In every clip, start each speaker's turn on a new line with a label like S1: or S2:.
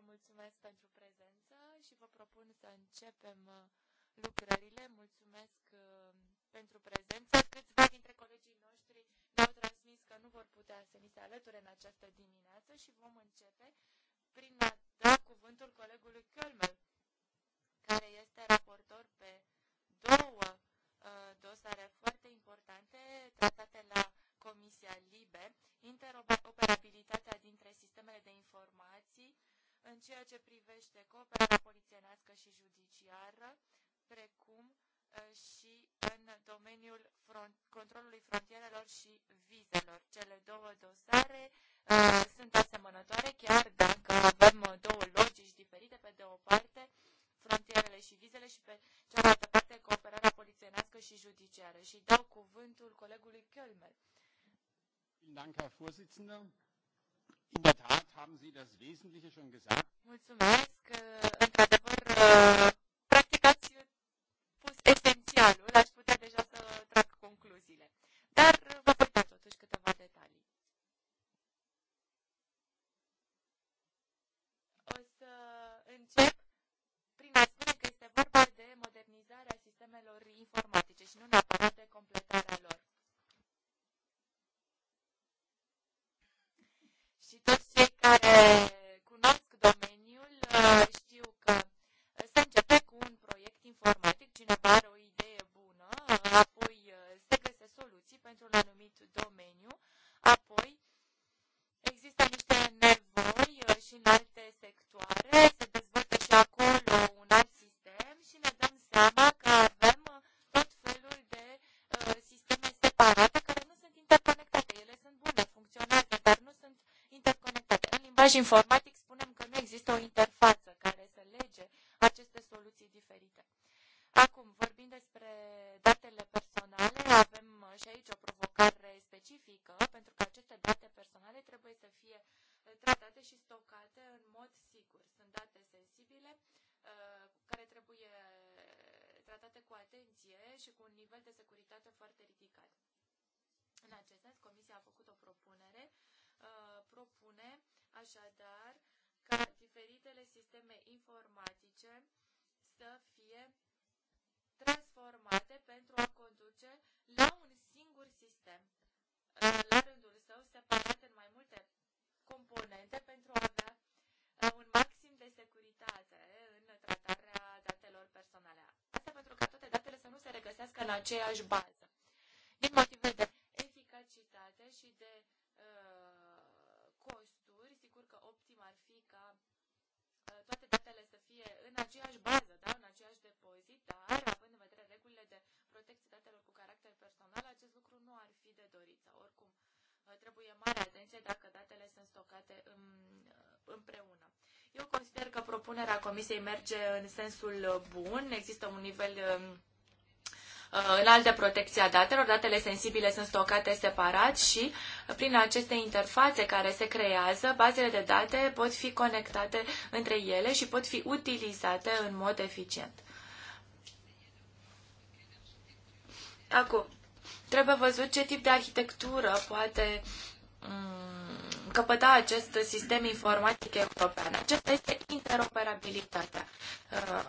S1: vă mulțumesc pentru prezență și vă propun să începem uh, lucrările. Mulțumesc uh, pentru prezență. Câțiva dintre colegii noștri
S2: ne-au transmis că nu vor putea să ni se alăture în această dimineață și vom începe prin a
S1: da cuvântul colegului Kölmel, care este raportor pe două uh, dosare foarte importante tratate la Comisia Libe, interoperabilitatea dintre sistemele de informații în ceea ce privește cooperarea polițienească și judiciară, precum uh, și în domeniul front, controlului frontierelor și vizelor. Cele două dosare uh, sunt asemănătoare, chiar dacă avem două logici diferite, pe de o parte frontierele și vizele și pe cealaltă parte cooperarea polițienească și judiciară. Și dau cuvântul colegului Kölmel. Danke, Herr Vorsitzender. In der Tat haben Sie
S2: das Wesentliche schon gesagt. Mulțumesc. Uh, într-adevăr, uh, deficită aceeași bază.
S1: Din motive de eficacitate și de uh, costuri, sigur că optim ar fi ca uh, toate datele să fie în aceeași bază, da? în aceeași depozit, dar având în vedere regulile de protecție datelor cu caracter personal, acest lucru nu ar fi de dorit. oricum, uh, trebuie mare atenție dacă datele sunt stocate în, împreună. Eu consider că propunerea Comisiei merge în sensul bun, există un nivel um, Uh, în alte protecția datelor. Datele sensibile sunt stocate separat și uh, prin aceste interfațe care se creează, bazele de date pot fi conectate între ele și pot fi utilizate în mod eficient. Acum, trebuie văzut ce tip de arhitectură poate mm, încăpăta acest sistem informatic european. Acesta este interoperabilitatea. Uh,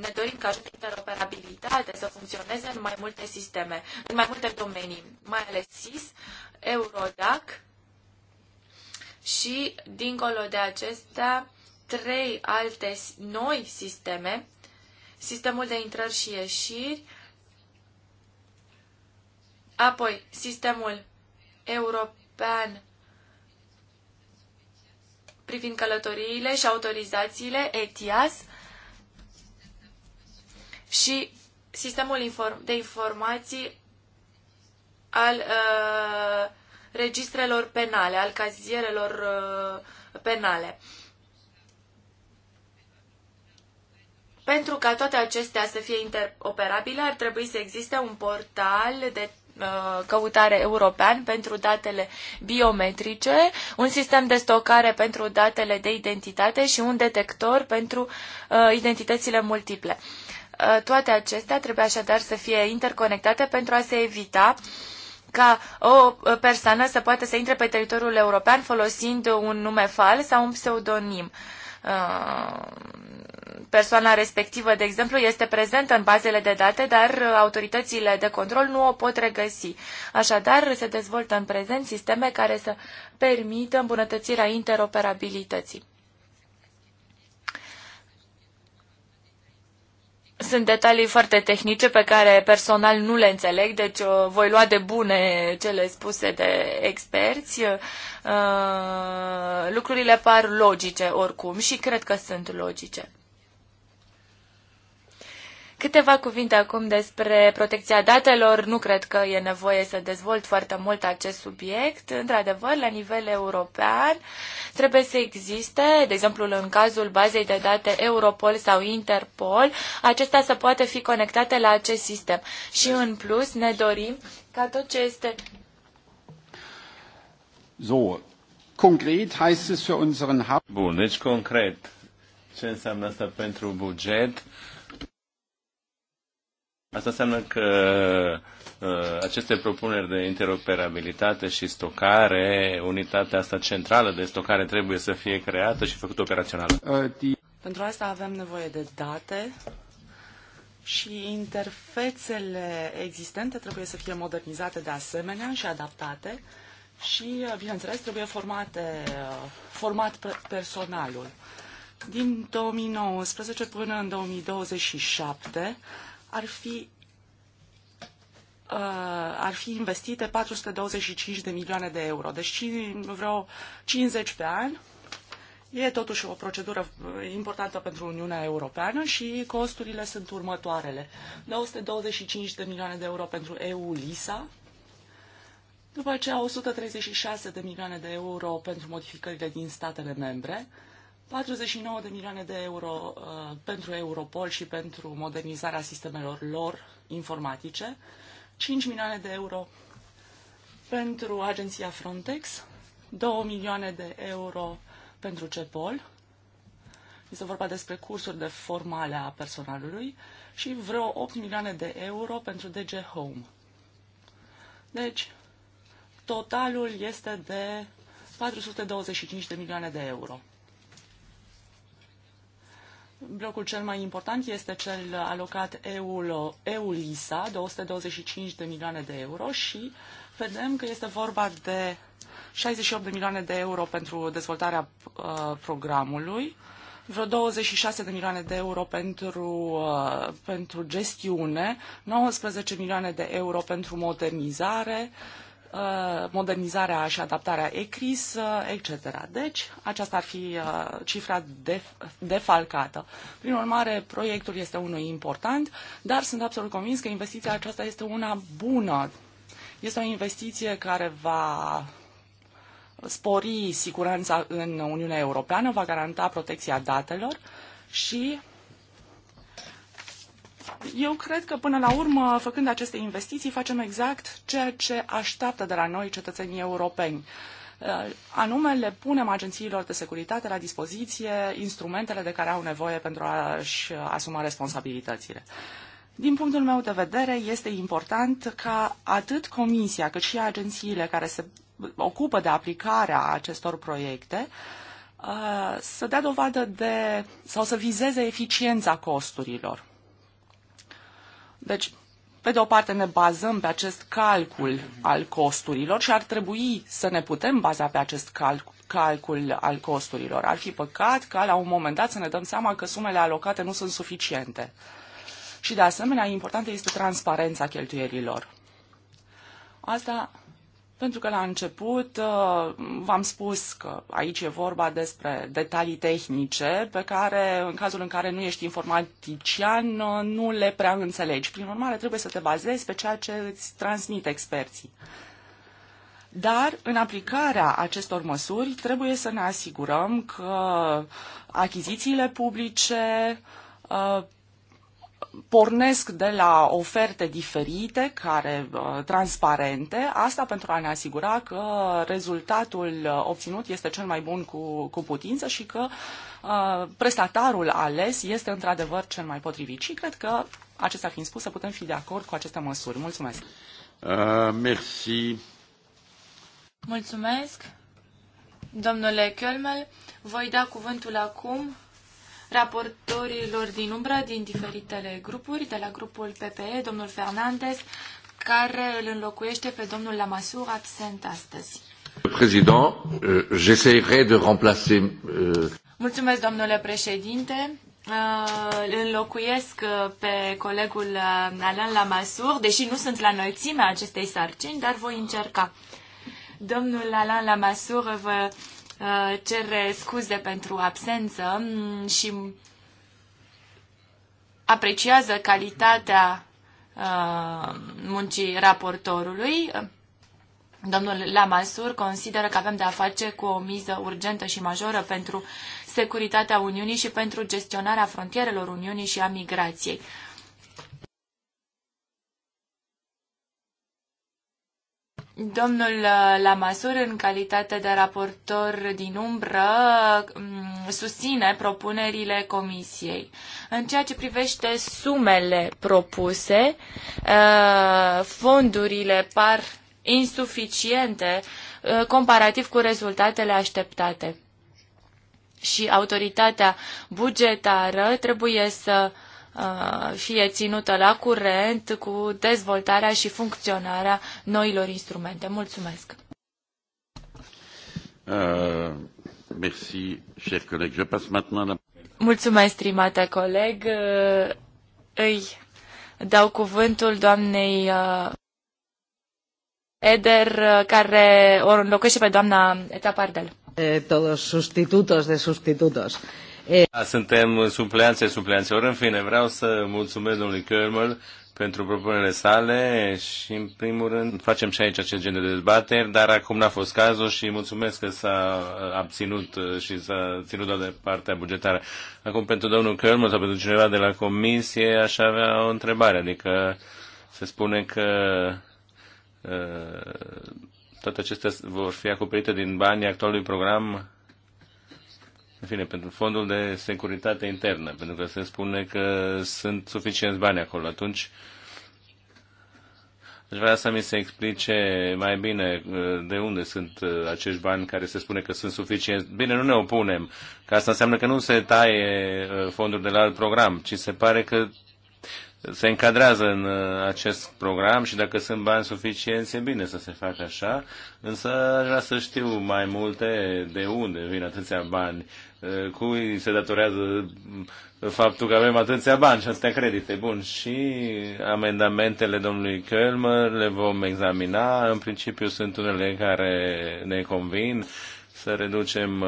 S1: ne dorim ca această interoperabilitate să funcționeze în mai multe sisteme, în mai multe domenii, mai ales SIS, Eurodac și, dincolo de acestea, trei alte noi sisteme, sistemul de intrări și ieșiri, apoi sistemul european privind călătoriile și autorizațiile ETIAS și sistemul de informații al uh, registrelor penale, al cazierelor uh, penale. Pentru ca toate acestea să fie interoperabile, ar trebui să existe un portal de Uh, căutare european pentru datele biometrice, un sistem de stocare pentru datele de identitate și un detector pentru uh, identitățile multiple. Uh, toate acestea trebuie așadar să fie interconectate pentru a se evita ca o persoană să poată să intre pe teritoriul european folosind un nume fals sau un pseudonim persoana respectivă, de exemplu, este prezentă în bazele de date, dar autoritățile de control nu o pot regăsi. Așadar, se dezvoltă în prezent sisteme care să permită îmbunătățirea interoperabilității. Sunt detalii foarte tehnice pe care personal nu le înțeleg, deci uh, voi lua de bune cele spuse de experți. Uh, lucrurile par logice oricum și cred că sunt logice. Câteva cuvinte acum despre protecția datelor. Nu cred că e nevoie să dezvolt foarte mult acest subiect. Într-adevăr, la nivel european trebuie să existe, de exemplu în cazul bazei de date Europol sau Interpol, acestea să poată fi conectate la acest sistem. Și în plus ne dorim ca tot ce este...
S2: So, concret heißt es für unseren... Bun, deci concret. Ce înseamnă asta pentru buget? Asta înseamnă că uh, aceste propuneri de interoperabilitate și stocare, unitatea asta centrală de stocare trebuie să fie creată și făcută operațională. Uh,
S3: Pentru asta avem nevoie de date și interfețele existente trebuie să fie modernizate de asemenea și adaptate și, uh, bineînțeles, trebuie formate, format personalul. Din 2019 până în 2027 ar fi uh, ar fi investite 425 de milioane de euro, deci vreo 50 pe an. E totuși o procedură uh, importantă pentru Uniunea Europeană și costurile sunt următoarele. 225 de milioane de euro pentru EU-LISA, după aceea 136 de milioane de euro pentru modificările din statele membre, 49 de milioane de euro uh, pentru Europol și pentru modernizarea sistemelor lor informatice, 5 milioane de euro pentru agenția Frontex, 2 milioane de euro pentru CEPOL, este vorba despre cursuri de formare a personalului, și vreo 8 milioane de euro pentru DG Home. Deci, totalul este de 425 de milioane de euro. Blocul cel mai important este cel alocat EULISA, 225 de milioane de euro și vedem că este vorba de 68 de milioane de euro pentru dezvoltarea uh, programului, vreo 26 de milioane de euro pentru, uh, pentru gestiune, 19 milioane de euro pentru modernizare, Uh, modernizarea și adaptarea ECRIS, uh, etc. Deci, aceasta ar fi uh, cifra def- defalcată. Prin urmare, proiectul este unul important, dar sunt absolut convins că investiția aceasta este una bună. Este o investiție care va spori siguranța în Uniunea Europeană, va garanta protecția datelor și eu cred că până la urmă, făcând aceste investiții, facem exact ceea ce așteaptă de la noi cetățenii europeni. Uh, anume, le punem agențiilor de securitate la dispoziție instrumentele de care au nevoie pentru a-și asuma responsabilitățile. Din punctul meu de vedere, este important ca atât Comisia cât și agențiile care se ocupă de aplicarea acestor proiecte uh, să dea dovadă de sau să vizeze eficiența costurilor. Deci, pe de o parte ne bazăm pe acest calcul al costurilor și ar trebui să ne putem baza pe acest calcul calcul al costurilor. Ar fi păcat ca la un moment dat să ne dăm seama că sumele alocate nu sunt suficiente. Și de asemenea, importantă este transparența cheltuierilor. Asta pentru că la început uh, v-am spus că aici e vorba despre detalii tehnice pe care, în cazul în care nu ești informatician, uh, nu le prea înțelegi. Prin urmare, trebuie să te bazezi pe ceea ce îți transmit experții. Dar, în aplicarea acestor măsuri, trebuie să ne asigurăm că achizițiile publice uh, pornesc de la oferte diferite, care uh, transparente, asta pentru a ne asigura că rezultatul uh, obținut este cel mai bun cu, cu putință și că uh, prestatarul ales este într-adevăr cel mai potrivit. Și cred că, acestea fiind spuse, putem fi de acord cu aceste măsuri. Mulțumesc!
S2: Uh, merci.
S3: Mulțumesc, domnule Kölmel. Voi
S1: da cuvântul acum raportorilor din umbră din diferitele grupuri, de la grupul PPE, domnul Fernandez, care îl înlocuiește pe domnul Lamasur, absent astăzi. Président, euh, j'essaierai de remplacer... Euh, Mulțumesc, domnule președinte. Uh, îl înlocuiesc uh, pe colegul uh, Alain Lamassur, deși nu sunt la înălțimea acestei sarcini, dar voi încerca. Domnul Alain Lamassur vă Uh, cere scuze pentru absență mm, și apreciază calitatea uh, muncii raportorului. Domnul Lamasur consideră că avem de a face cu o miză urgentă și majoră pentru securitatea Uniunii și pentru gestionarea frontierelor Uniunii și a migrației. Domnul uh, Lamasur, în calitate de raportor din umbră, mm, susține propunerile comisiei. În ceea ce privește sumele propuse, uh, fondurile par insuficiente uh, comparativ cu rezultatele așteptate. Și autoritatea bugetară trebuie să uh, fie uh, ținută la curent cu dezvoltarea și funcționarea noilor instrumente. Mulțumesc!
S2: Uh,
S1: Mulțumesc, stimate coleg. Uh, îi dau cuvântul doamnei Eder, care o înlocuiește pe doamna Eta Pardel.
S3: De todos sustitutos de sustitutos.
S2: Da, suntem supleanțe Ori În fine, vreau să mulțumesc domnului Kermel pentru propunerile sale și, în primul rând, facem și aici acest gen de dezbateri, dar acum n-a fost cazul și mulțumesc că s-a abținut uh, și s-a ținut doar de partea bugetară. Acum, pentru domnul Kermel sau pentru cineva de la comisie, aș avea o întrebare, adică se spune că uh, toate acestea vor fi acoperite din banii actualului program în fine, pentru fondul de securitate internă, pentru că se spune că sunt suficienți bani acolo. Atunci, aș vrea să mi se explice mai bine uh, de unde sunt uh, acești bani care se spune că sunt suficienți. Bine, nu ne opunem, că asta înseamnă că nu se taie uh, fondul de la alt program, ci se pare că se încadrează în acest program și dacă sunt bani suficienți, e bine să se facă așa, însă aș vrea să știu mai multe de unde vin atâția bani cui se datorează faptul că avem atâția bani și atâtea credite. Bun, și amendamentele domnului Kölmer le vom examina. În principiu sunt unele care ne convin să reducem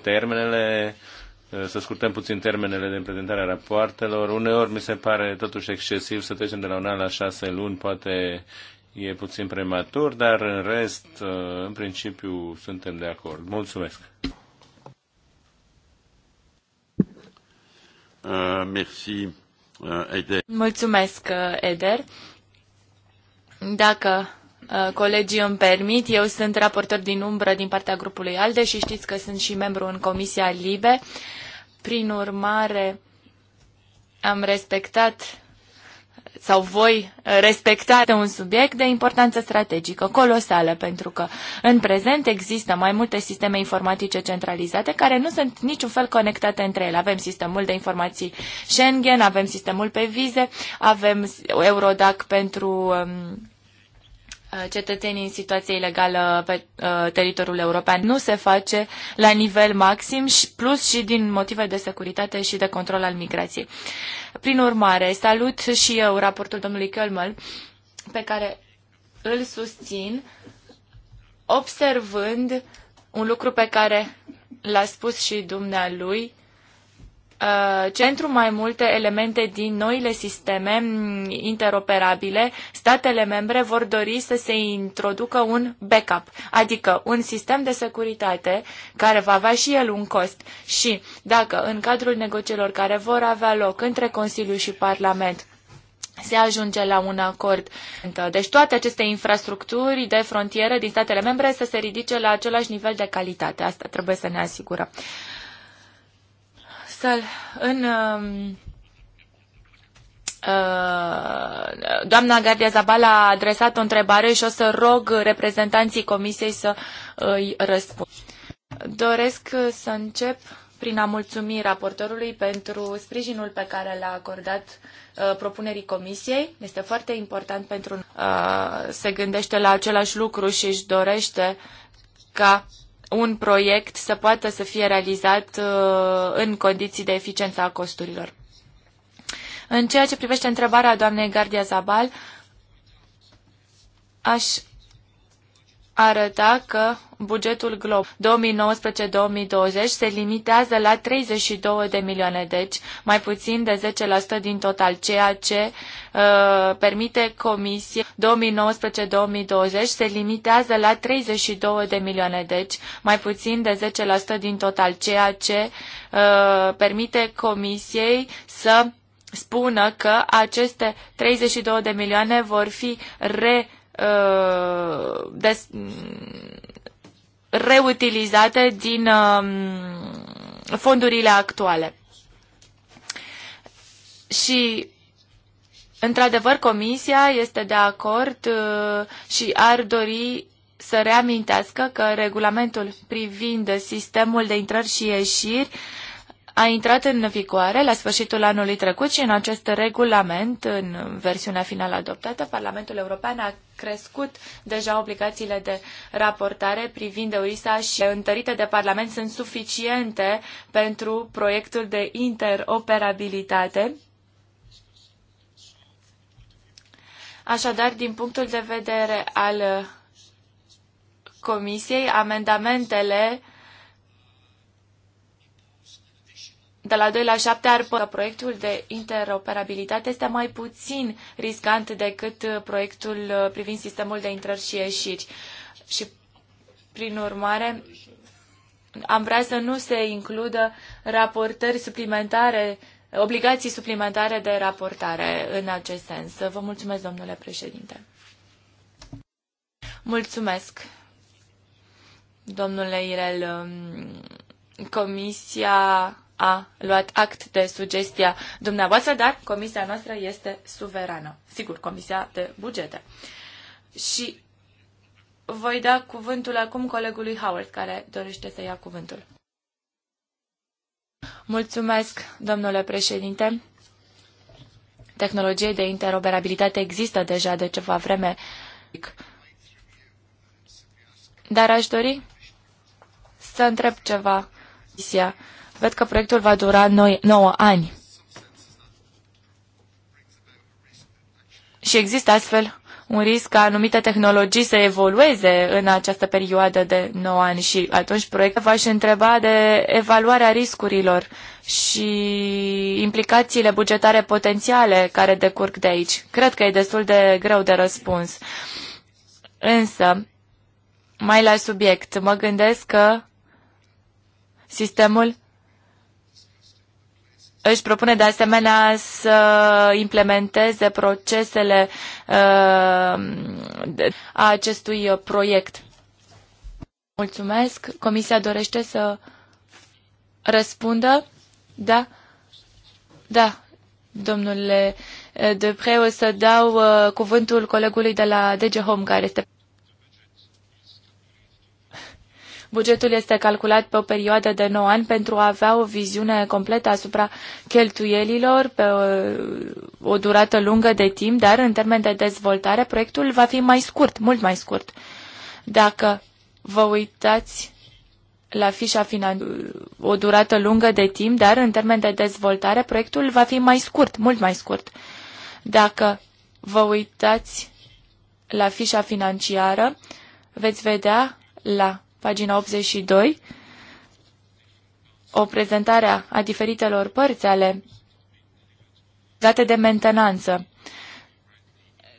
S2: termenele, să scurtăm puțin termenele de prezentare a rapoartelor. Uneori mi se pare totuși excesiv să trecem de la un an la șase luni, poate e puțin prematur, dar în rest, în principiu, suntem de acord. Mulțumesc! Euh, merci, euh, Eder.
S1: Mulțumesc, uh, Eder. Dacă uh, colegii îmi permit, eu sunt raportor din umbră din partea grupului ALDE și știți că sunt și membru în Comisia LIBE. Prin urmare, am respectat sau voi respecta un subiect de importanță strategică, colosală, pentru că în prezent există mai multe sisteme informatice centralizate care nu sunt niciun fel conectate între ele. Avem sistemul de informații Schengen, avem sistemul pe vize, avem Eurodac pentru um, Uh, cetățenii în situație ilegală pe uh, teritoriul european nu se face la nivel maxim, plus și din motive de securitate și de control al migrației. Prin urmare, salut și eu raportul domnului Kölmel, pe care îl susțin, observând un lucru pe care l-a spus și dumnealui, Uh, centru mai multe elemente din noile sisteme mm, interoperabile, statele membre vor dori să se introducă un backup, adică un sistem de securitate care va avea și el un cost. Și dacă în cadrul negocierilor care vor avea loc între Consiliu și Parlament se ajunge la un acord. Deci toate aceste infrastructuri de frontieră din statele membre să se ridice la același nivel de calitate. Asta trebuie să ne asigurăm. Sal, în um, uh, doamna Gardia Zabala a adresat o întrebare și o să rog reprezentanții comisiei să uh, îi răspund. Doresc să încep prin a mulțumi raportorului pentru sprijinul pe care l-a acordat uh, propunerii comisiei. Este foarte important pentru se gândește la același lucru și își dorește ca un proiect să poată să fie realizat uh, în condiții de eficiență a costurilor. În ceea ce privește întrebarea doamnei Gardia Zabal, aș arăta că bugetul glob 2019-2020 se limitează la 32 de milioane, deci mai puțin de 10% din total, ceea ce uh, permite comisie 2019-2020 se limitează la 32 de milioane, deci mai puțin de 10% din total, ceea ce uh, permite comisiei să spună că aceste 32 de milioane vor fi re, uh, des, reutilizate din um, fondurile actuale. Și Într-adevăr, Comisia este de acord uh, și ar dori să reamintească că regulamentul privind sistemul de intrări și ieșiri a intrat în vigoare la sfârșitul anului trecut și în acest regulament, în versiunea finală adoptată, Parlamentul European a crescut deja obligațiile de raportare privind EURISA și întărite de Parlament sunt suficiente pentru proiectul de interoperabilitate. Așadar, din punctul de vedere al Comisiei, amendamentele de la 2 la 7 ar că proiectul de interoperabilitate este mai puțin riscant decât proiectul uh, privind sistemul de intrări și ieșiri. Și prin urmare, am vrea să nu se includă raportări suplimentare, obligații suplimentare de raportare în acest sens. Vă mulțumesc, domnule președinte. Mulțumesc, domnule Irel. Um, Comisia a luat act de sugestia dumneavoastră, dar comisia noastră este suverană. Sigur, comisia de bugete. Și voi da cuvântul acum colegului Howard, care dorește să ia cuvântul. Mulțumesc, domnule președinte. Tehnologie de interoperabilitate există deja de ceva vreme, dar aș dori să întreb ceva. Isia Cred că proiectul va dura 9 ani. Și există astfel un risc ca anumite tehnologii să evolueze în această perioadă de 9 ani și atunci proiectul va și întreba de evaluarea riscurilor și implicațiile bugetare potențiale care decurg de aici. Cred că e destul de greu de răspuns. Însă, mai la subiect, mă gândesc că sistemul își propune de asemenea să implementeze procesele uh, a acestui proiect. Mulțumesc. Comisia dorește să răspundă? Da? Da, domnule Depre, o să dau uh, cuvântul colegului de la DG Home, care este Bugetul este calculat pe o perioadă de 9 ani pentru a avea o viziune completă asupra cheltuielilor pe o, uh, o durată lungă de timp, dar în termen de dezvoltare proiectul va fi mai scurt, mult mai scurt. Dacă vă uitați la fișa finan- o durată lungă de timp, dar în termen de dezvoltare proiectul va fi mai scurt, mult mai scurt. Dacă vă uitați la fișa financiară, veți vedea la pagina 82, o prezentare a diferitelor părți ale date de mentenanță.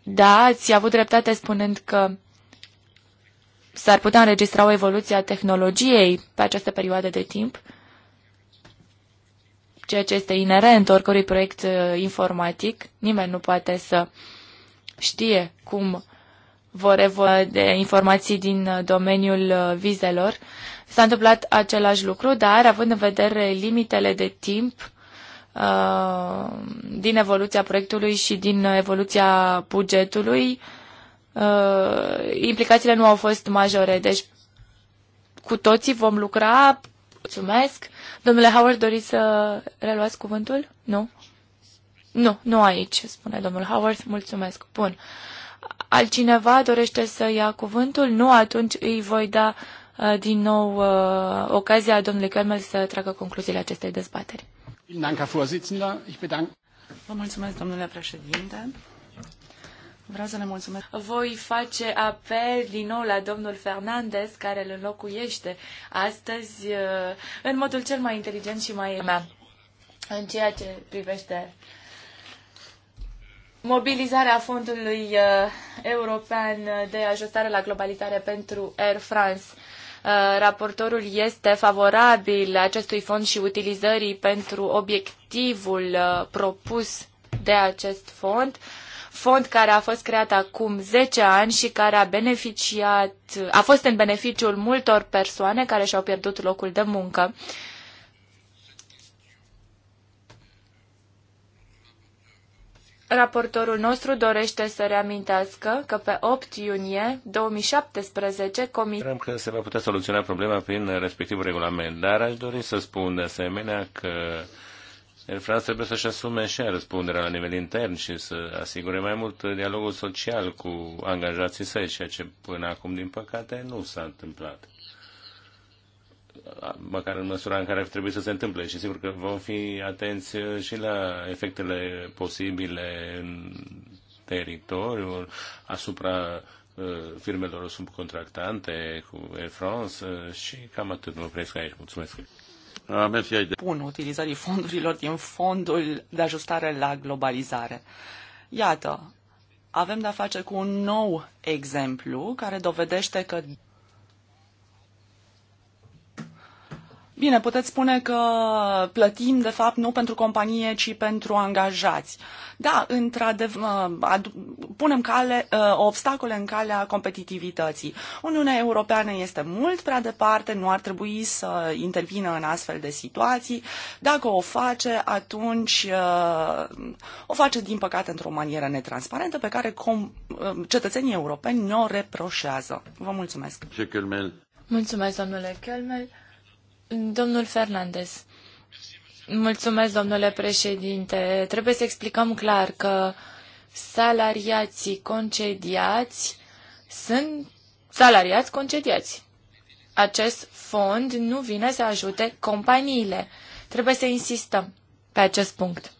S1: Da, ați avut dreptate spunând că s-ar putea înregistra o evoluție a tehnologiei pe această perioadă de timp, ceea ce este inerent oricărui proiect uh, informatic. Nimeni nu poate să știe cum vor evolua de informații din uh, domeniul uh, vizelor. S-a întâmplat același lucru, dar având în vedere limitele de timp uh, din evoluția proiectului și din evoluția bugetului, implicațiile nu au fost majore. Deci cu toții vom lucra. Mulțumesc. Domnule Howard, doriți să reluați cuvântul? Nu? Nu, nu aici, spune domnul Howard. Mulțumesc. Bun. Uh, altcineva dorește să ia cuvântul, nu atunci îi voi da uh, din nou uh, ocazia domnului Kermel să tragă concluziile acestei dezbateri.
S3: Vă mulțumesc, domnule președinte. Vreau să le mulțumesc. Voi face apel
S1: din nou la domnul Fernandez, care îl înlocuiește astăzi uh, în modul cel mai inteligent și mai în ceea ce privește mobilizarea fondului uh, european de ajustare la globalizare pentru Air France. Uh, raportorul este favorabil acestui fond și utilizării pentru obiectivul uh, propus de acest fond, fond care a fost creat acum 10 ani și care a beneficiat, a fost în beneficiul multor persoane care și-au pierdut locul de muncă. Uh, Raportorul nostru dorește să reamintească că pe 8 iunie 2017 Comisia... Sperăm
S2: că se va putea soluționa problema prin respectivul regulament, dar aș dori să spun de asemenea că Air France trebuie să-și asume și răspunderea la nivel intern și să asigure mai mult dialogul social cu angajații săi, ceea ce până acum, din păcate, nu s-a întâmplat măcar în măsura în care ar trebui să se întâmple. Și sigur că vom fi atenți și la efectele posibile în teritoriul asupra uh, firmelor subcontractante cu Air France uh, și cam atât. Mă opresc aici. Mulțumesc. Ah,
S3: Bun, utilizării fondurilor din fondul de ajustare la globalizare. Iată, avem de-a face cu un nou exemplu care dovedește că Bine, puteți spune că plătim, de fapt, nu pentru companie, ci pentru angajați. Da, într-adevăr, punem cale, ă, obstacole în calea competitivității. Uniunea Europeană este mult prea departe, nu ar trebui să intervină în astfel de situații. Dacă o face, atunci ă, o face, din păcate, într-o manieră netransparentă pe care ă, cetățenii europeni nu o reproșează. Vă mulțumesc!
S1: Mulțumesc, domnule Kelmel. Domnul Fernandez. Mulțumesc, domnule președinte. Trebuie să explicăm clar că salariații concediați sunt salariați concediați. Acest fond nu vine să ajute companiile. Trebuie să insistăm pe acest punct.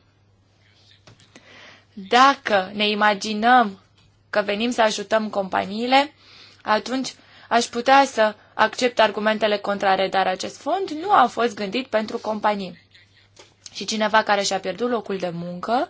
S1: Dacă ne imaginăm că venim să ajutăm companiile, atunci Aș putea să accept argumentele contrare, dar acest fond nu a fost gândit pentru companii. Și cineva care și-a pierdut locul de muncă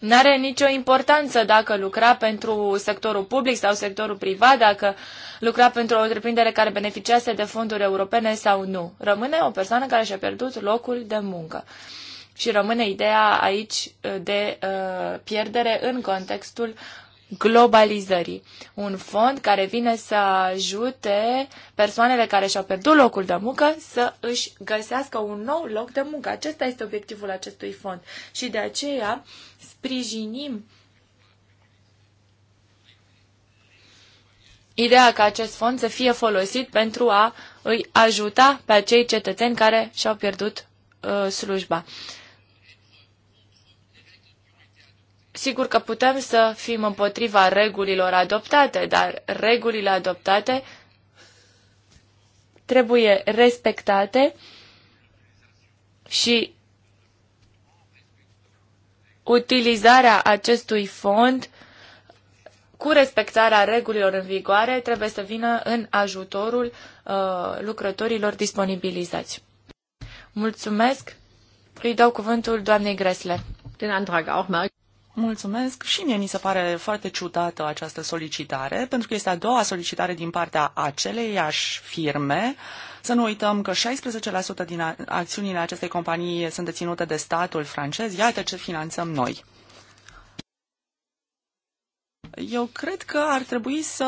S1: N-are nicio importanță dacă lucra pentru sectorul public sau sectorul privat, dacă lucra pentru o întreprindere care beneficiase de fonduri europene sau nu. Rămâne o persoană care și-a pierdut locul de muncă și rămâne ideea aici uh, de uh, pierdere în contextul globalizării. Un fond care vine să ajute persoanele care și-au pierdut locul de muncă să își găsească un nou loc de muncă. Acesta este obiectivul acestui fond. Și de aceea sprijinim ideea ca acest fond să fie folosit pentru a îi ajuta pe acei cetățeni care și-au pierdut uh, slujba. Uh, Sigur că putem să fim împotriva regulilor adoptate, dar regulile adoptate trebuie respectate și utilizarea acestui fond cu respectarea regulilor în vigoare trebuie să vină în ajutorul uh, lucrătorilor disponibilizați. Mulțumesc. Îi dau cuvântul doamnei
S3: Gresler. Din Antrag auch mai. Mulțumesc. Și mie mi se pare foarte ciudată această solicitare, pentru că este a doua solicitare din partea aceleiași firme. Să nu uităm că 16% din acțiunile acestei companii sunt deținute de statul francez. Iată ce finanțăm noi. Eu cred că ar trebui să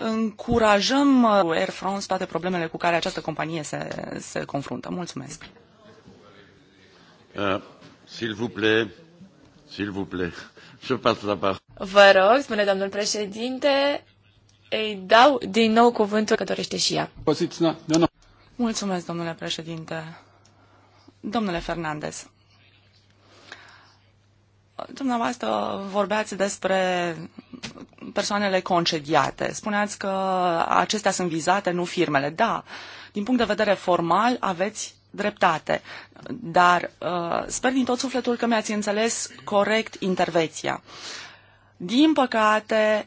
S3: încurajăm Air France toate problemele cu care această companie se, se confruntă. Mulțumesc.
S2: Uh, S'il vous plaît. S'il vous plaît, je passe la parole.
S3: Vă rog, spune
S1: domnul președinte, îi dau din nou cuvântul că dorește și ea.
S3: Mulțumesc, domnule președinte. Domnule Fernandez, dumneavoastră vorbeați despre persoanele concediate. Spuneați că acestea sunt vizate, nu firmele. Da, din punct de vedere formal aveți dreptate, dar uh, sper din tot sufletul că mi-ați înțeles corect intervenția. Din păcate,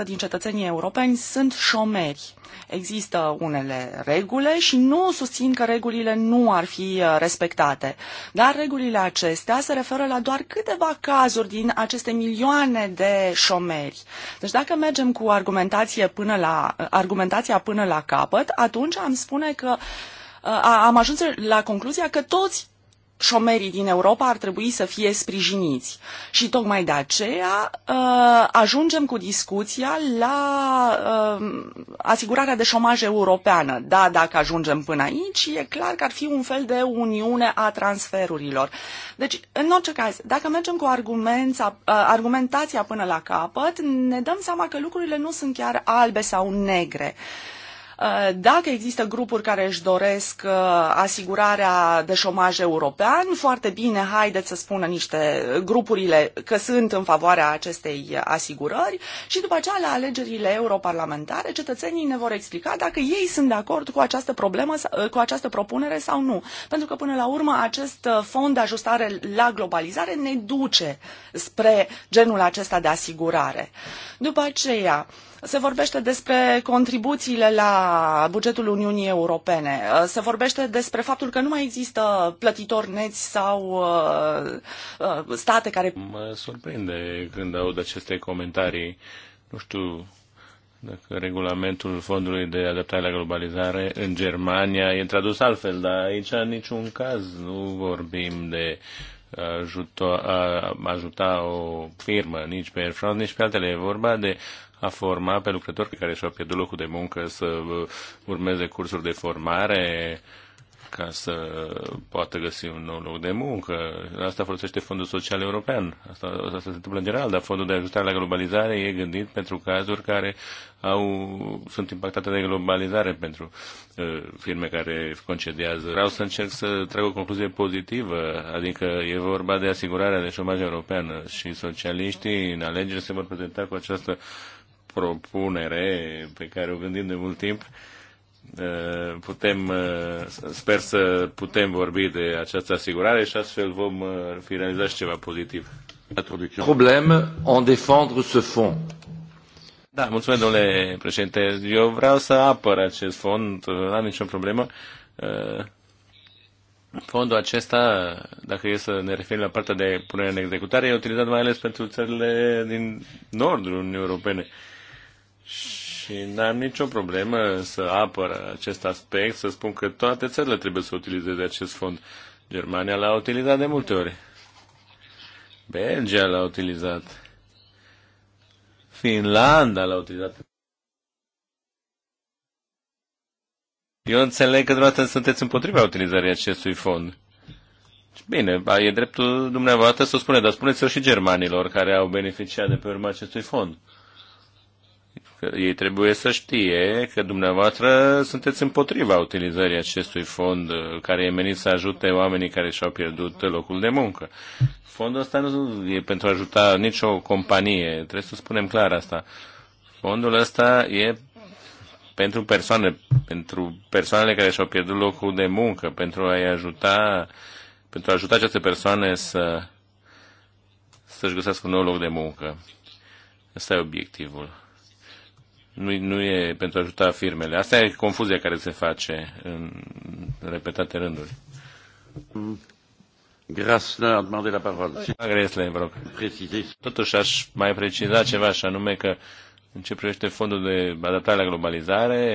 S3: 7% din cetățenii europeni sunt șomeri. Există unele regule și nu susțin că regulile nu ar fi uh, respectate. Dar regulile acestea se referă la doar câteva cazuri din aceste milioane de șomeri. Deci dacă mergem cu argumentație până la, uh, argumentația până la capăt, atunci am spune că uh, am ajuns la concluzia că toți șomerii din Europa ar trebui să fie sprijiniți. Și tocmai de aceea ajungem cu discuția la asigurarea de șomaj europeană. Da, dacă ajungem până aici, e clar că ar fi un fel de uniune a transferurilor. Deci, în orice caz, dacă mergem cu argumentația până la capăt, ne dăm seama că lucrurile nu sunt chiar albe sau negre. Uh, dacă există grupuri care își doresc uh, asigurarea de șomaj european, foarte bine, haideți să spună niște grupurile că sunt în favoarea acestei asigurări și după aceea la alegerile europarlamentare cetățenii ne vor explica dacă ei sunt de acord cu această problemă, uh, cu această propunere sau nu. Pentru că până la urmă acest fond de ajustare la globalizare ne duce spre genul acesta de asigurare. După aceea, uh, se vorbește despre contribuțiile la bugetul Uniunii Europene. Uh, se vorbește despre faptul că nu mai există plătitori neți sau
S2: uh,
S3: uh, state care...
S2: Mă surprinde când aud aceste comentarii. Nu știu dacă regulamentul Fondului de Adaptare la Globalizare în Germania e tradus altfel, dar aici în niciun caz nu vorbim de ajuta, a ajuta o firmă, nici pe Air France, nici pe altele. E vorba de a forma pe lucrători pe care și-au pierdut locul de muncă să urmeze cursuri de formare ca să poată găsi un nou loc de muncă. Asta folosește Fondul Social European. Asta, asta se întâmplă în general, dar Fondul de Ajustare la Globalizare e gândit pentru cazuri care au, sunt impactate de globalizare pentru uh, firme care concediază. Vreau să încerc să trag o concluzie pozitivă, adică e vorba de asigurarea de șomaj european și socialiștii în alegeri se vor prezenta cu această uh, propunere pe care o gândim de mult timp. Eh, putem, eh, sper să putem vorbi de această asigurare și astfel vom eh, finaliza și ceva pozitiv.
S1: Probleme în défendre ce fond.
S2: Da, mulțumesc, domnule președinte. Eu vreau să apăr acest fond, nu am nicio problemă. Fondul acesta, dacă e să ne referim la partea de punere în executare, e utilizat mai ales pentru țările din nordul Uniunii Europene. Și n-am nicio problemă să apăr acest aspect, să spun că toate țările trebuie să utilizeze acest fond. Germania l-a utilizat de multe ori. Belgia l-a utilizat. Finlanda l-a utilizat. Eu înțeleg că dumneavoastră sunteți împotriva utilizării acestui fond. Bine, e dreptul dumneavoastră să o spune, dar spuneți-o și germanilor care au beneficiat de pe urma acestui fond. Că ei trebuie să știe că dumneavoastră sunteți împotriva utilizării acestui fond uh, care e menit să ajute oamenii care și-au pierdut locul de muncă. Fondul ăsta nu e pentru a ajuta nicio companie, trebuie să spunem clar asta. Fondul ăsta e pentru persoane, pentru persoanele care și-au pierdut locul de muncă, pentru a-i ajuta, pentru a ajuta aceste persoane să, să-și găsească un nou loc de muncă. Ăsta e obiectivul nu, nu e pentru a ajuta firmele. Asta e confuzia care se face în repetate rânduri. Grasle a demandat la vă rog. Totuși aș mai preciza ceva, și anume că în ce privește fondul de adaptare la globalizare,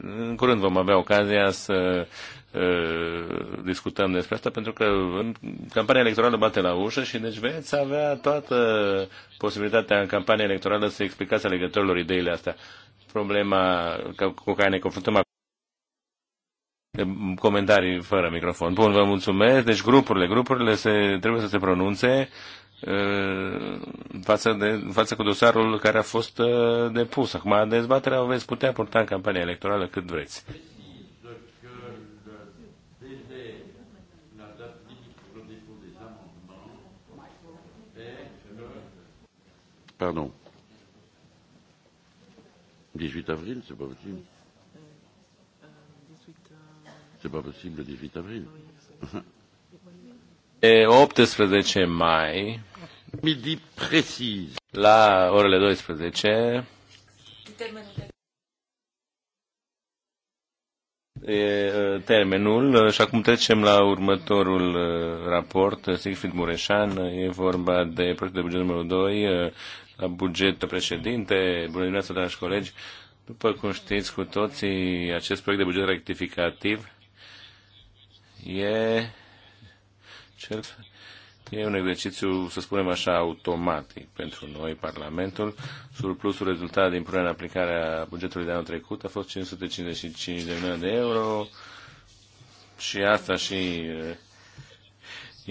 S2: în curând vom avea ocazia să discutăm despre asta, pentru că în campania electorală bate la ușă și deci veți avea toată posibilitatea în campania electorală să explicați alegătorilor ideile astea. Problema cu care ne confruntăm acum comentarii fără microfon. Bun, vă mulțumesc. Deci grupurile, grupurile se, trebuie să se pronunțe față, de, față cu dosarul care a fost depus. Acum, dezbaterea o veți putea purta în campania electorală cât vreți. Pardon. 18 avril, c'est pas possible. C'est pas posibil le 18 avril. E 18 mai. Midi precis. La le 12. E termenul și acum trecem la următorul raport, Sigfrid Mureșan, e vorba de proiectul de buget numărul 2, la buget președinte. Bună dimineața, dragi colegi! După cum știți cu toții, acest proiect de buget rectificativ e, cel, e un exercițiu, să spunem așa, automatic pentru noi, Parlamentul. Surplusul rezultat din punerea în aplicare a bugetului de anul trecut a fost 555 de milioane de euro și asta și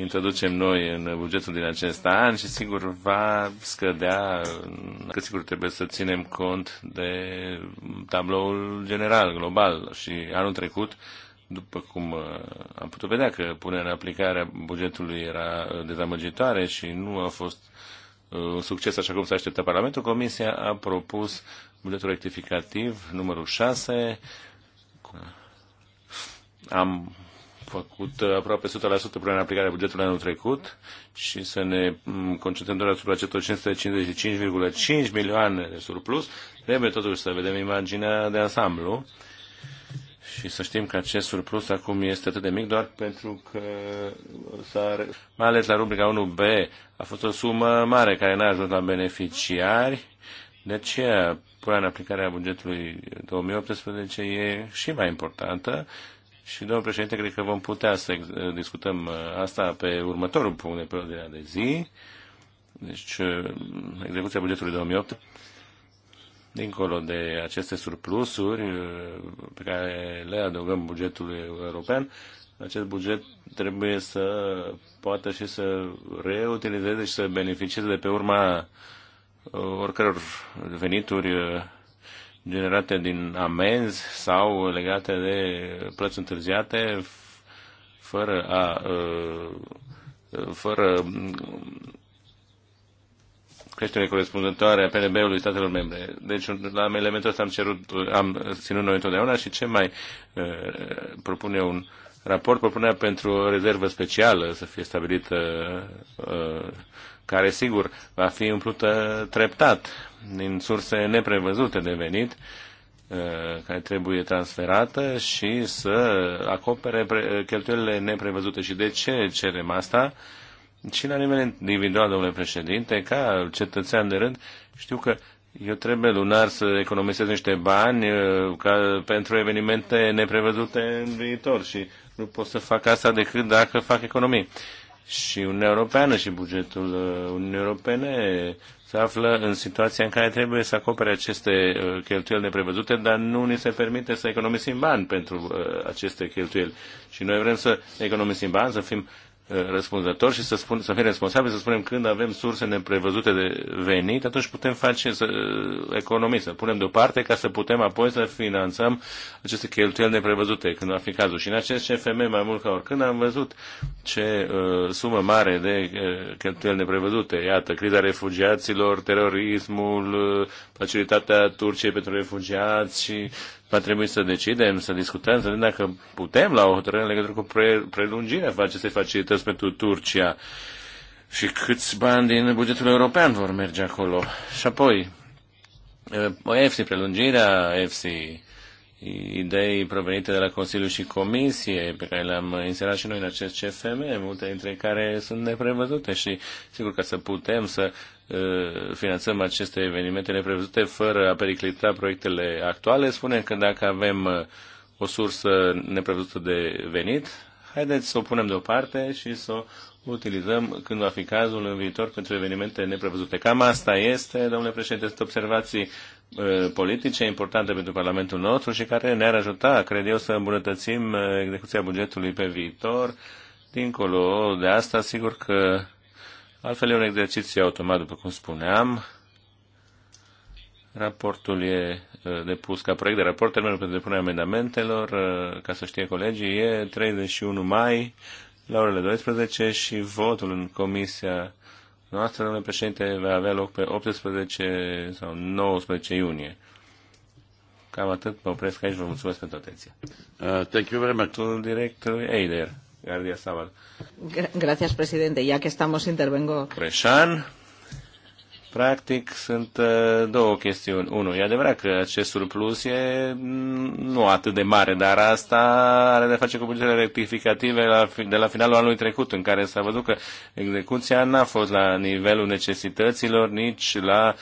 S2: introducem noi în bugetul din acest an și sigur va scădea, că sigur trebuie să ținem cont de tabloul general, global și anul trecut după cum uh, am putut vedea că punerea în aplicare bugetului era dezamăgitoare și nu a fost uh, un succes așa cum se aștepta Parlamentul, Comisia a propus bugetul rectificativ numărul 6. Am făcut aproape 100% prin aplicarea bugetului anul trecut și să ne mm, concentrăm doar asupra acestor 555,5 milioane de surplus, trebuie totuși să vedem imaginea de ansamblu și să știm că acest surplus acum este atât de mic doar pentru că s-a, mai ales la rubrica 1B a fost o sumă mare care n-a ajuns la beneficiari, de aceea până în aplicarea bugetului 2018 e și mai importantă și, domnul președinte, cred că vom putea să discutăm uh, asta pe următorul punct de pe ordinea de zi, deci uh, execuția bugetului 2008. Dincolo de aceste surplusuri uh, pe care le adăugăm bugetului european, acest buget trebuie să poată și să reutilizeze și să beneficieze de pe urma oricăror venituri generate din amenzi sau legate de plăți întârziate fără a uh, uh, fără mm, creștere corespunzătoare a PNB-ului statelor membre. Deci la elementul ăsta am, cerut, am ținut noi întotdeauna și ce mai uh, propune un raport, propunea pentru o rezervă specială să fie stabilită care sigur va fi umplută treptat din surse neprevăzute de venit, uh, care trebuie transferată și să acopere uh, cheltuielile neprevăzute. Și de ce cerem asta? Și la nivel individual, domnule președinte, ca cetățean de rând, știu că eu trebuie lunar să economisez niște bani uh, ca pentru evenimente neprevăzute în viitor și nu pot să fac asta decât dacă fac economii și Uniunea Europeană și bugetul uh, Uniunii Europene se află în situația în care trebuie să acopere aceste uh, cheltuieli neprevăzute, dar nu ni se permite să economisim bani pentru uh, aceste cheltuieli. Și noi vrem să economisim bani, să fim răspunzător și să, spun, să fim responsabili, să spunem când avem surse neprevăzute de venit, atunci putem face să, economii, să punem deoparte ca să putem apoi să finanțăm aceste cheltuieli neprevăzute când ar fi cazul. Și în acest CFM, mai mult ca oricând, am văzut ce uh, sumă mare de uh, cheltuieli neprevăzute. Iată, criza refugiaților, terorismul, uh, facilitatea Turciei pentru refugiați și va trebui să decidem, să discutăm, să vedem dacă putem la o hotărâre în legătură cu pre, prelungirea acestei facilități pentru Turcia și câți bani din bugetul european vor merge acolo. Și apoi, eh, EFSI, prelungirea EFSI, idei provenite de la Consiliu și Comisie, pe care le-am inserat și noi în acest CFM, multe dintre care sunt neprevăzute și sigur că să putem să Uh, finanțăm aceste evenimente neprevăzute fără a periclita proiectele actuale. Spunem că dacă avem uh, o sursă neprevăzută de venit, haideți să o punem deoparte și să o utilizăm când va fi cazul în viitor pentru evenimente neprevăzute. Cam asta este, domnule președinte, sunt observații uh, politice importante pentru Parlamentul nostru și care ne-ar ajuta, cred eu, să îmbunătățim execuția bugetului pe viitor. Dincolo de asta, sigur că Altfel e un exercițiu automat, după cum spuneam. Raportul e depus ca proiect de raport, termenul pentru depunerea amendamentelor, ca să știe colegii, e 31 mai la orele 12 și votul în comisia noastră, domnule președinte, va avea loc pe 18 sau 19 iunie. Cam atât, mă opresc aici, vă mulțumesc pentru atenție. Uh, thank you very much. Directorul Eider. Gardia Zaval.
S3: Gracias, președinte. Ya que estamos, intervengo.
S2: Preșan, practic, sunt uh, două chestiuni. Unu, e adevărat că acest surplus e mm, nu atât de mare, dar asta are de face cu bugetele rectificative la, de la finalul anului trecut, în care s-a văzut că execuția n-a fost la nivelul necesităților, nici la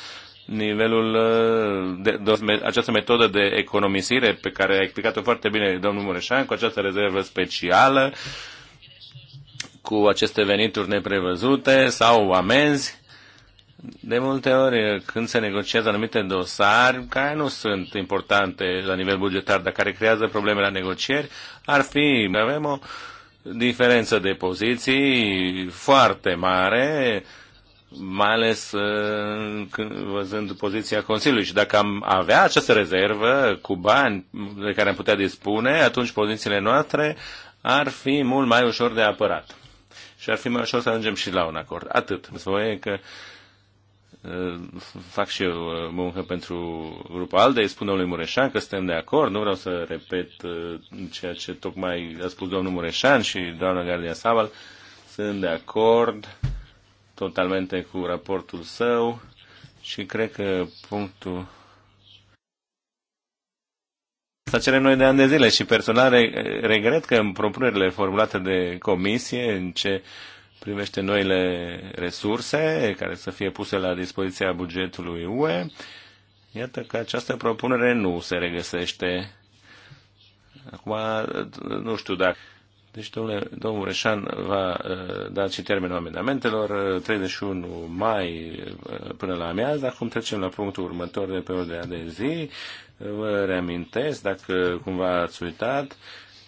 S2: nivelul uh, de, de, de, această metodă de economisire pe care a explicat-o foarte bine domnul Mureșan cu această rezervă specială uh, cu aceste venituri neprevăzute sau amenzi. De multe ori, când se negociază anumite dosari care nu sunt importante la nivel bugetar, dar care creează probleme la negocieri, ar fi, avem o diferență de poziții foarte mare, mai ales uh, văzând poziția Consiliului. Și dacă am avea această rezervă cu bani de care am putea dispune, atunci pozițiile noastre ar fi mult mai ușor de apărat și ar fi mai ușor să ajungem și la un acord. Atât. Să că uh, fac și eu uh, muncă pentru grupul ALDE, îi spun domnului Mureșan că suntem de acord, nu vreau să repet uh, ceea ce tocmai a spus domnul Mureșan și doamna Gardia Saval, sunt de acord totalmente cu raportul său și cred că punctul Asta cerem noi de ani de zile și personal regret că în propunerile formulate de comisie, în ce privește noile resurse care să fie puse la dispoziția bugetului UE, iată că această propunere nu se regăsește. Acum, nu știu dacă deci domnule, domnul Reșan va uh, da și termenul amendamentelor 31 uh, mai uh, până la amiază. Acum trecem la punctul următor de pe ordinea de zi. Vă reamintesc, dacă cumva ați uitat,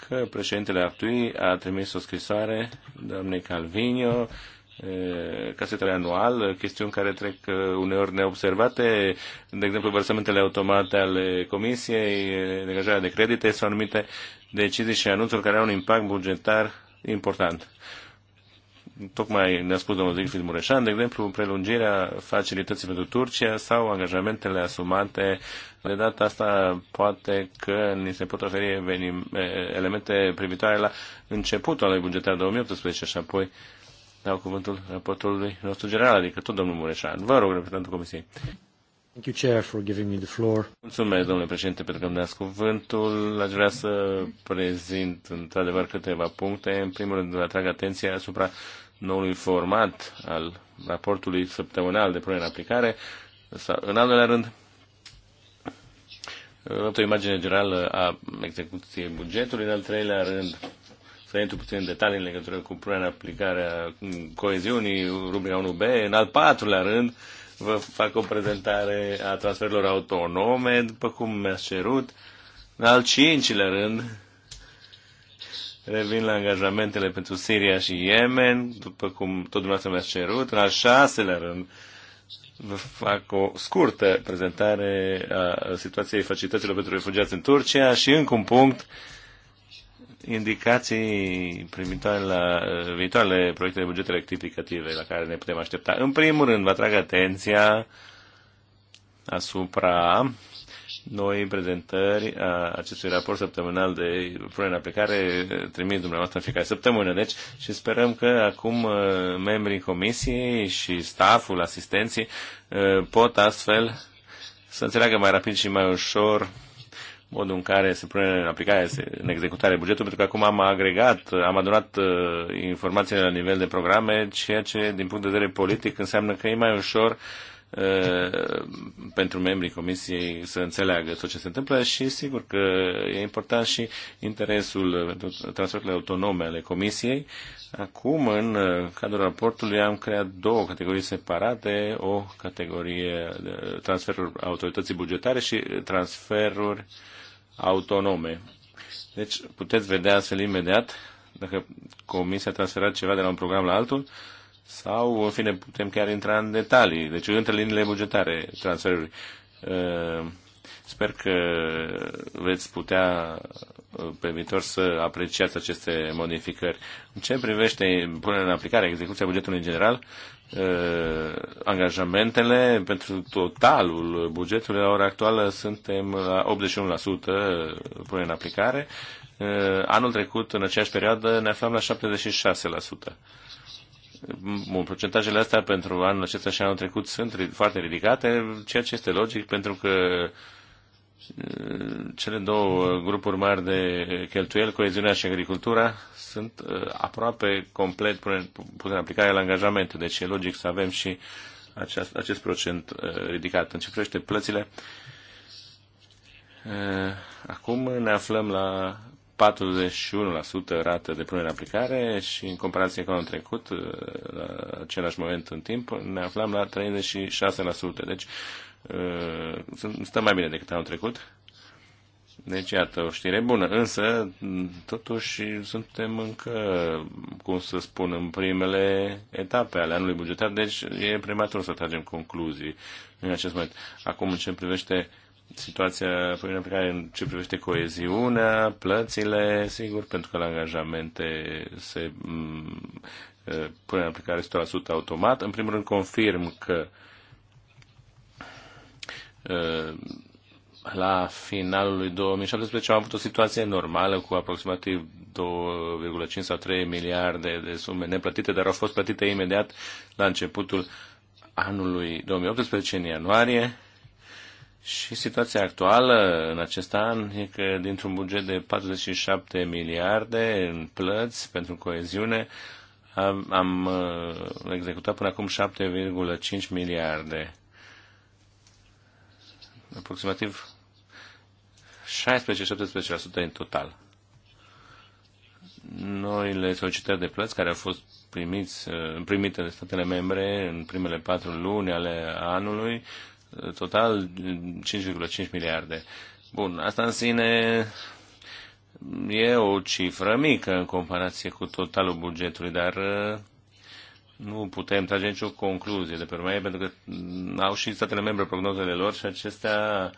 S2: că președintele Artui a trimis o scrisoare doamnei Calvinio casetele anual, chestiuni care trec uneori neobservate, de exemplu, vărsamentele automate ale comisiei, degajarea de credite sau anumite uh, decizii și anunțuri care au un impact bugetar important. Tocmai ne-a spus domnul Zigfried Mureșan, de exemplu, prelungirea facilității pentru Turcia sau angajamentele asumate. De data asta poate că ni se pot oferi elemente privitoare la începutul anului bugetar 2018 și apoi dau cuvântul raportului nostru general, adică tot domnul Mureșan. Vă rog, reprezentantul Comisiei. Thank you, Chair, for giving me the floor. Mulțumesc, domnule președinte, pentru că îmi dați cuvântul. Aș vrea să prezint, într-adevăr, câteva puncte. În primul rând, atrag atenția asupra noului format al raportului săptămânal de punere în aplicare. În al doilea rând, o imagine generală a execuției bugetului. În al treilea rând, să intru puțin în detalii în legătură cu punerea în aplicare a coeziunii, rubrica 1B. În al patrulea rând, vă fac o prezentare a transferurilor autonome, după cum mi-ați cerut. În al cincilea rând, revin la angajamentele pentru Siria și Yemen, după cum tot dumneavoastră mi-ați cerut. În al șaselea rând, vă fac o scurtă prezentare a situației facilităților pentru refugiați în Turcia și, încă un punct, uh, indicații privitoare la viitoarele proiecte de bugete rectificative la care ne putem aștepta. În primul rând, vă atrag atenția asupra noi prezentări a acestui raport săptămânal de pune în aplicare trimis dumneavoastră în fiecare săptămână. Deci, și sperăm că acum uh, membrii comisiei și stafful, asistenții uh, pot astfel să înțeleagă mai rapid și mai ușor modul în care se pune în aplicare, în executare bugetul, pentru că acum am agregat, am adunat uh, informațiile la nivel de programe, ceea ce, din punct de vedere politic, înseamnă că e mai ușor uh, pentru membrii comisiei să înțeleagă tot ce se întâmplă și sigur că e important și interesul pentru transferurile autonome ale comisiei. Acum, în uh, cadrul raportului, am creat două categorii separate, o categorie transferuri autorității bugetare și transferuri uh, autonome. Deci puteți vedea astfel imediat dacă Comisia a transferat ceva de la un program la altul sau, în fine, putem chiar intra în detalii, deci între liniile bugetare transferului. Ehm, Sper că veți putea pe viitor să apreciați aceste modificări. În ce privește punerea în aplicare, execuția bugetului în general, eh, angajamentele pentru totalul bugetului la ora actuală suntem la 81% punere în aplicare. Eh, anul trecut, în aceeași perioadă, ne aflam la 76%. Bun, procentajele astea pentru anul acesta și anul trecut sunt foarte ridicate, ceea ce este logic pentru că uh, cele două grupuri mari de cheltuieli, coeziunea și agricultura, sunt uh, aproape complet pune în aplicare la angajamente, deci e logic să avem și acest, acest procent uh, ridicat. În ce privește plățile, uh, acum ne aflăm la 41% rată de punere în aplicare și în comparație cu anul trecut, la același moment în timp, ne aflăm la 36%. Deci stă mai bine decât anul trecut. Deci, iată, o știre bună, însă, totuși, suntem încă, cum să spun, în primele etape ale anului bugetar, deci e prematur să tragem concluzii în acest moment. Acum, în ce privește situația în ce privește coeziunea, plățile, sigur, pentru că la angajamente se mm, eh, pune în aplicare 100% automat. În primul rând, confirm că uh, Uh, la finalul lui 2017 am avut o situație normală cu aproximativ 2,5 sau 3 miliarde de sume neplătite, dar au fost plătite imediat la începutul anului 2018, în ianuarie. Și situația actuală în acest an e că dintr-un buget de 47 miliarde în plăți pentru coeziune, am, am uh, executat până acum 7,5 miliarde aproximativ 16-17% în total. Noile solicitări de plăți care au fost primiți, uh, primite de statele membre în primele patru luni ale anului, uh, total 5,5 uh, miliarde. Bun, asta în sine e o cifră mică în comparație cu totalul bugetului, dar nu putem trage nicio concluzie de pe urmă pentru că au și statele membre prognozele lor și acestea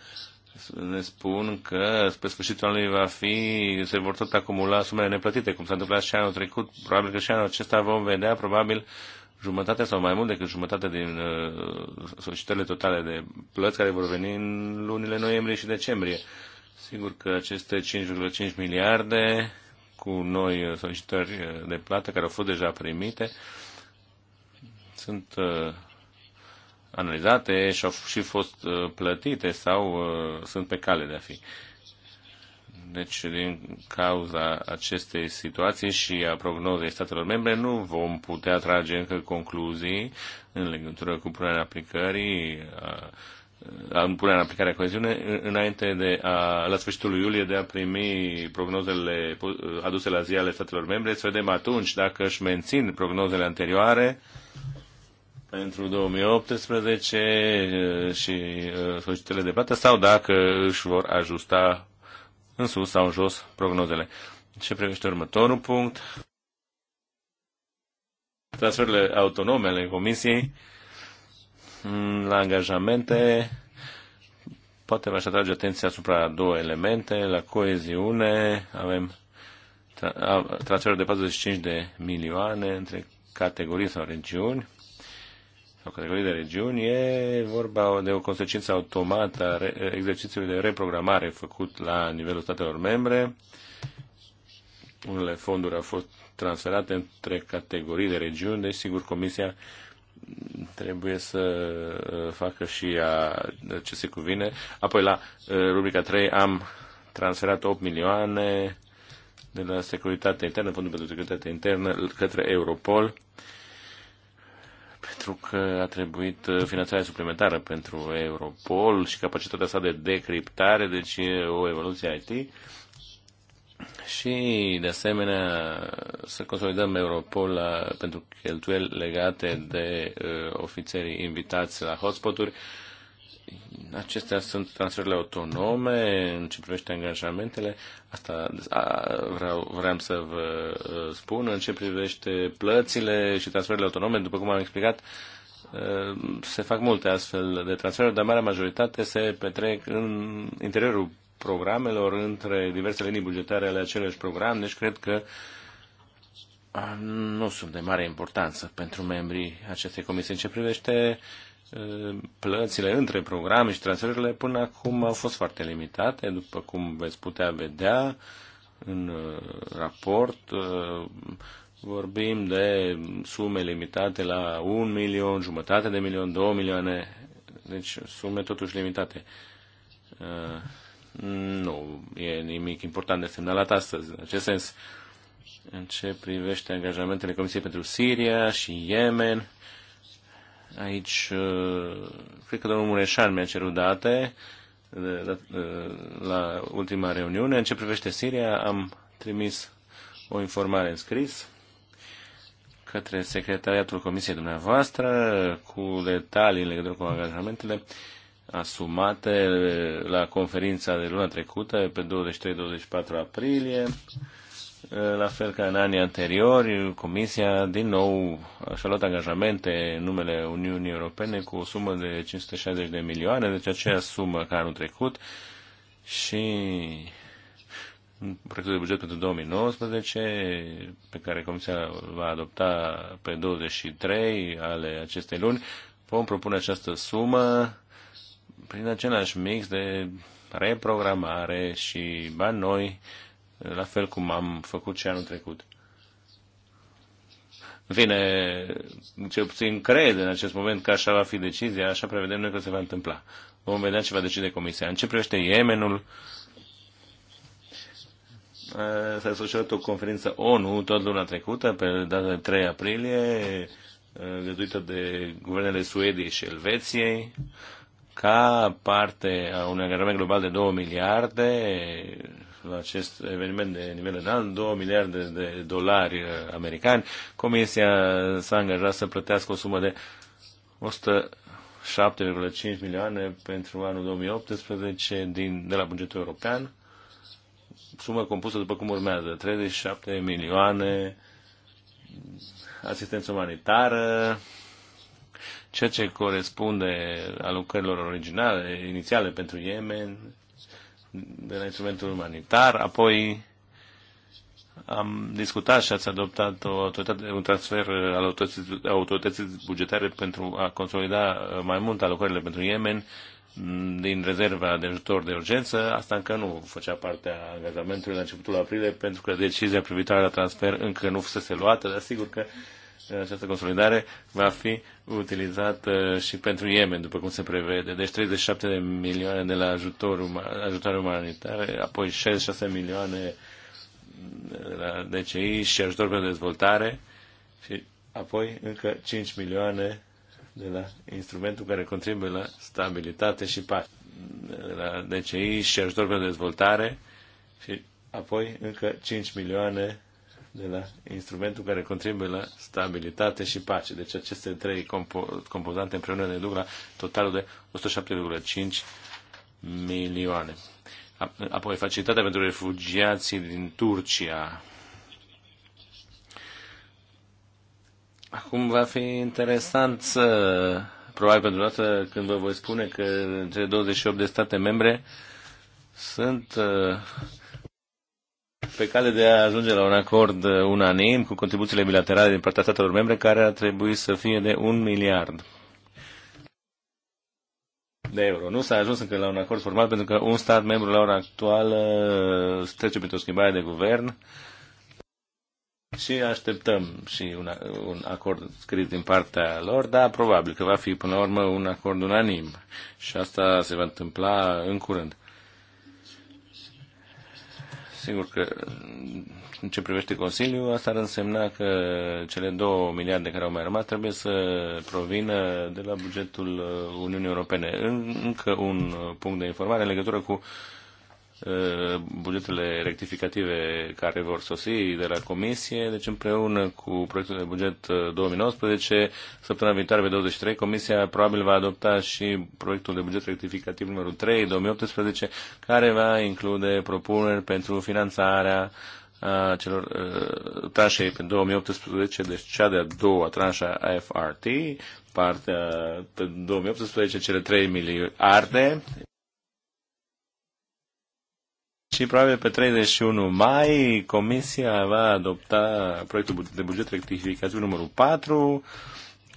S2: ne spun că spre sfârșitul anului va fi, se vor tot acumula sumele neplătite, cum s-a întâmplat și anul trecut. Probabil că și anul acesta vom vedea, probabil, jumătate sau mai mult decât jumătate din uh, solicitările totale de plăți care vor veni în lunile noiembrie și decembrie. Sigur că aceste 5,5 miliarde cu noi solicitări de plată care au fost deja primite, uh, sunt uh, analizate și au și fost uh, plătite sau uh, sunt pe cale de a fi. Deci, din cauza acestei situații și a prognozei statelor membre, nu vom putea trage încă concluzii în legătură cu punerea aplicării, a, uh, a, uh, punerea în aplicare a coeziune, înainte de a, la sfârșitul lui iulie de a primi prognozele aduse la zi ale statelor membre, să vedem atunci dacă își mențin prognozele anterioare pentru 2018 uh, și uh, solicitările de plată sau dacă își vor ajusta în sus sau în jos prognozele. Ce privește următorul punct? Transferurile autonome ale Comisiei mm, la angajamente poate v-aș atrage atenția asupra două elemente. La coeziune avem transferuri de 45 de milioane între categorii sau regiuni sau categorii de regiuni, e vorba de o consecință automată a exercițiului de reprogramare făcut la nivelul statelor membre. Unele fonduri au fost transferate între categorii de regiuni, deci sigur Comisia trebuie să uh, facă și a, ce se cuvine. Apoi la uh, rubrica 3 am transferat 8 milioane de la Securitatea Internă, Fondul pentru securitatea Internă, către Europol pentru că a trebuit uh, finanțarea suplimentară pentru Europol și capacitatea sa de decriptare, deci o evoluție IT. Și, de asemenea, să consolidăm Europol la, pentru cheltuieli legate de uh, ofițerii invitați la hotspoturi. uri Uh, acestea sunt transferurile autonome în ce privește angajamentele. Asta a, vreau, vreau să vă uh, spun. În ce privește plățile și transferurile autonome, după cum am explicat, uh, se fac multe astfel de transferuri, dar marea majoritate se petrec în interiorul programelor, între diverse linii bugetare ale acelui program, deci cred că uh, nu sunt de mare importanță pentru membrii acestei comisii. În ce privește plățile între programe și transferurile până acum au fost foarte limitate, după cum veți putea vedea în raport. Vorbim de sume limitate la un milion, jumătate de milion, două milioane, deci sume totuși limitate. Nu e nimic important de semnalat astăzi. În acest sens, în ce privește angajamentele Comisiei pentru Siria și Yemen. Aici, uh, cred că domnul Mureșan mi-a cerut date uh, la, ultima reuniune. În ce privește Siria, am trimis o informare în scris către secretariatul Comisiei dumneavoastră cu detalii în legătură cu angajamentele asumate la conferința de luna trecută, pe 23-24 aprilie. La fel ca în anii anteriori, Comisia din nou și-a luat angajamente în numele Uniunii Europene cu o sumă de 560 de milioane, deci aceeași sumă ca anul trecut și proiectul de buget pentru 2019 pe care Comisia va adopta pe 23 ale acestei luni, vom propune această sumă prin același mix de reprogramare și bani noi la fel cum am făcut și anul trecut. În fine, cel puțin cred în acest moment că așa va fi decizia, așa prevedem noi că se va întâmpla. Vom vedea ce va decide Comisia. În ce privește Yemenul, eh, s-a sfârșit o conferință ONU tot luna trecută, pe data de 3 aprilie, eh, găduită de guvernele Suediei și Elveției, ca parte a unui angajament global de 2 miliarde la acest eveniment de nivel înalt, 2 miliarde de dolari uh, americani. Comisia s-a angajat să plătească o sumă de 107,5 milioane pentru anul 2018 din, de la bugetul european, sumă compusă după cum urmează, 37 milioane asistență umanitară, ceea ce corespunde alocărilor originale, inițiale pentru Yemen, de la instrumentul umanitar, apoi am discutat și ați adoptat o un transfer al autorității, autorității bugetare pentru a consolida uh, mai mult alocările pentru Yemen mm, din rezerva de ajutor de urgență. Asta încă nu făcea parte a angajamentului la începutul aprilie, pentru că decizia privitoare la transfer încă nu fusese luată, dar sigur că uh, această consolidare va fi utilizată și pentru Yemen, după cum se prevede. Deci 37 de milioane de la ajutor, ajutoare umanitare, apoi 66 milioane de la DCI și ajutor pentru dezvoltare și apoi încă 5 milioane de la instrumentul care contribuie la stabilitate și pace. De la DCI și ajutor pentru dezvoltare și apoi încă 5 milioane de la instrumentul care contribuie la stabilitate și pace. Deci aceste trei compo- compozante împreună ne duc la totalul de 107,5 milioane. Apoi, facilitatea pentru refugiații din Turcia. Acum va fi interesant să, probabil pentru dată, când vă voi spune că cele 28 de state membre sunt uh, pe cale de a ajunge la un acord uh, unanim cu contribuțiile bilaterale din partea statelor membre, care ar trebui să fie de un miliard de euro. Nu s-a ajuns încă la un acord formal pentru că un stat membru la ora actuală trece printr-o schimbare de guvern și așteptăm și un, un acord scris din partea lor, dar probabil că va fi până la urmă un acord unanim și asta se va întâmpla în curând. Sigur că în ce privește Consiliul, asta ar însemna că cele două miliarde care au mai rămas trebuie să provină de la bugetul Uniunii Europene. Încă un punct de informare în legătură cu uh, Uh, bugetele rectificative care vor sosi de la Comisie, deci împreună cu proiectul de buget 2019, uh, săptămâna viitoare pe 23, Comisia probabil va adopta și proiectul de buget rectificativ numărul 3 2018, care va include propuneri pentru finanțarea a uh, celor uh, tranșei pe 2018, deci cea de-a doua tranșa FRT, partea pe 2018, cele 3 miliarde și probabil pe 31 mai Comisia va adopta proiectul de buget rectificativ numărul 4,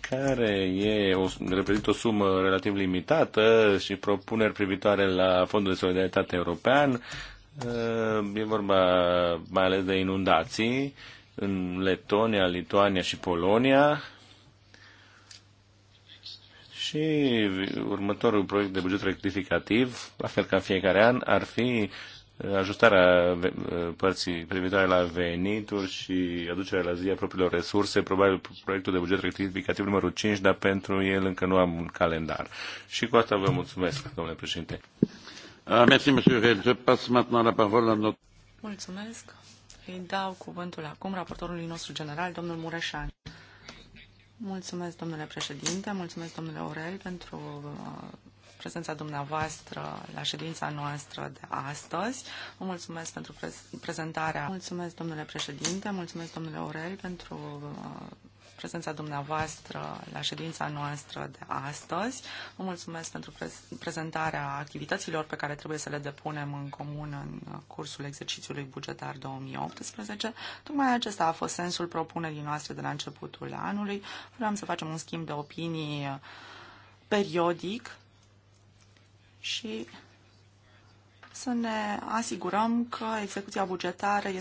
S2: care e o, reprezintă o sumă relativ limitată și propuneri privitoare la Fondul de Solidaritate European. Uh, e vorba mai ales de inundații în Letonia, Lituania și Polonia. Și următorul proiect de buget rectificativ, la fel ca în fiecare an, ar fi ajustarea uh, părții privitoare la venituri și aducerea la zi a propriilor resurse, probabil proiectul de buget rectificativ numărul 5, dar pentru el încă nu am un calendar. Și cu asta vă mulțumesc, domnule președinte. Ah,
S3: mulțumesc. Îi dau cuvântul acum raportorului nostru general, domnul Mureșan. Mulțumesc, domnule președinte, mulțumesc, domnule Orel, pentru uh, prezența dumneavoastră la ședința noastră de astăzi. Vă mulțumesc pentru prezentarea. Mulțumesc, domnule președinte, mulțumesc, domnule Aurel, pentru uh, prezența dumneavoastră la ședința noastră de astăzi. Vă mulțumesc pentru prezentarea activităților pe care trebuie să le depunem în comun în cursul exercițiului bugetar 2018. Tocmai acesta a fost sensul propunerii noastre de la începutul anului. Vreau să facem un schimb de opinii uh, periodic și să ne asigurăm că execuția bugetară este